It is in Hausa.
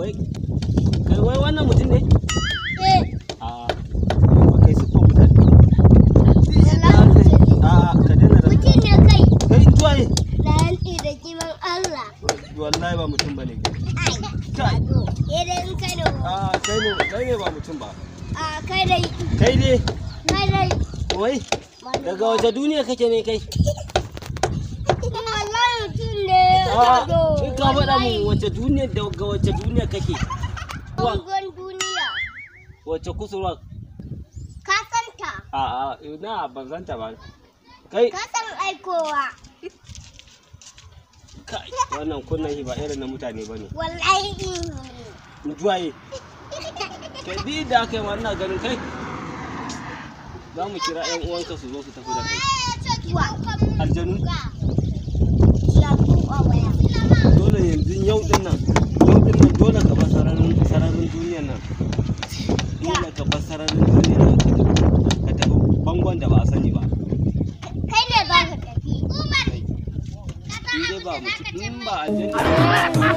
wai kai wai wannan mutum ne eh. ah, a ba mutum ba ne eh, ah, kai ne kai ne ba mutum ba ah, kai dai kai dai kai dai wai daga wace duniya kake ne kai wallahi mutum ne ka faɗa mu wace duniya da ga wace duniya kake bangon duniya wace kusurwa ka santa a a na ban ta ba kai ka san aikowa kai wannan kunnan shi ba irin na mutane bane wallahi in juwaye kai bi da kai ma ina ganin kai za mu kira 'yan uwanka su zo su tafi da kai aljanu nan yau nan dole ka bar sararin sararin duniyar nan dole ka bar sararin duniyar nan ka tafi bangon da ba a sani ba kai ne ba ka tafi in dai ba mutum in ba aljanna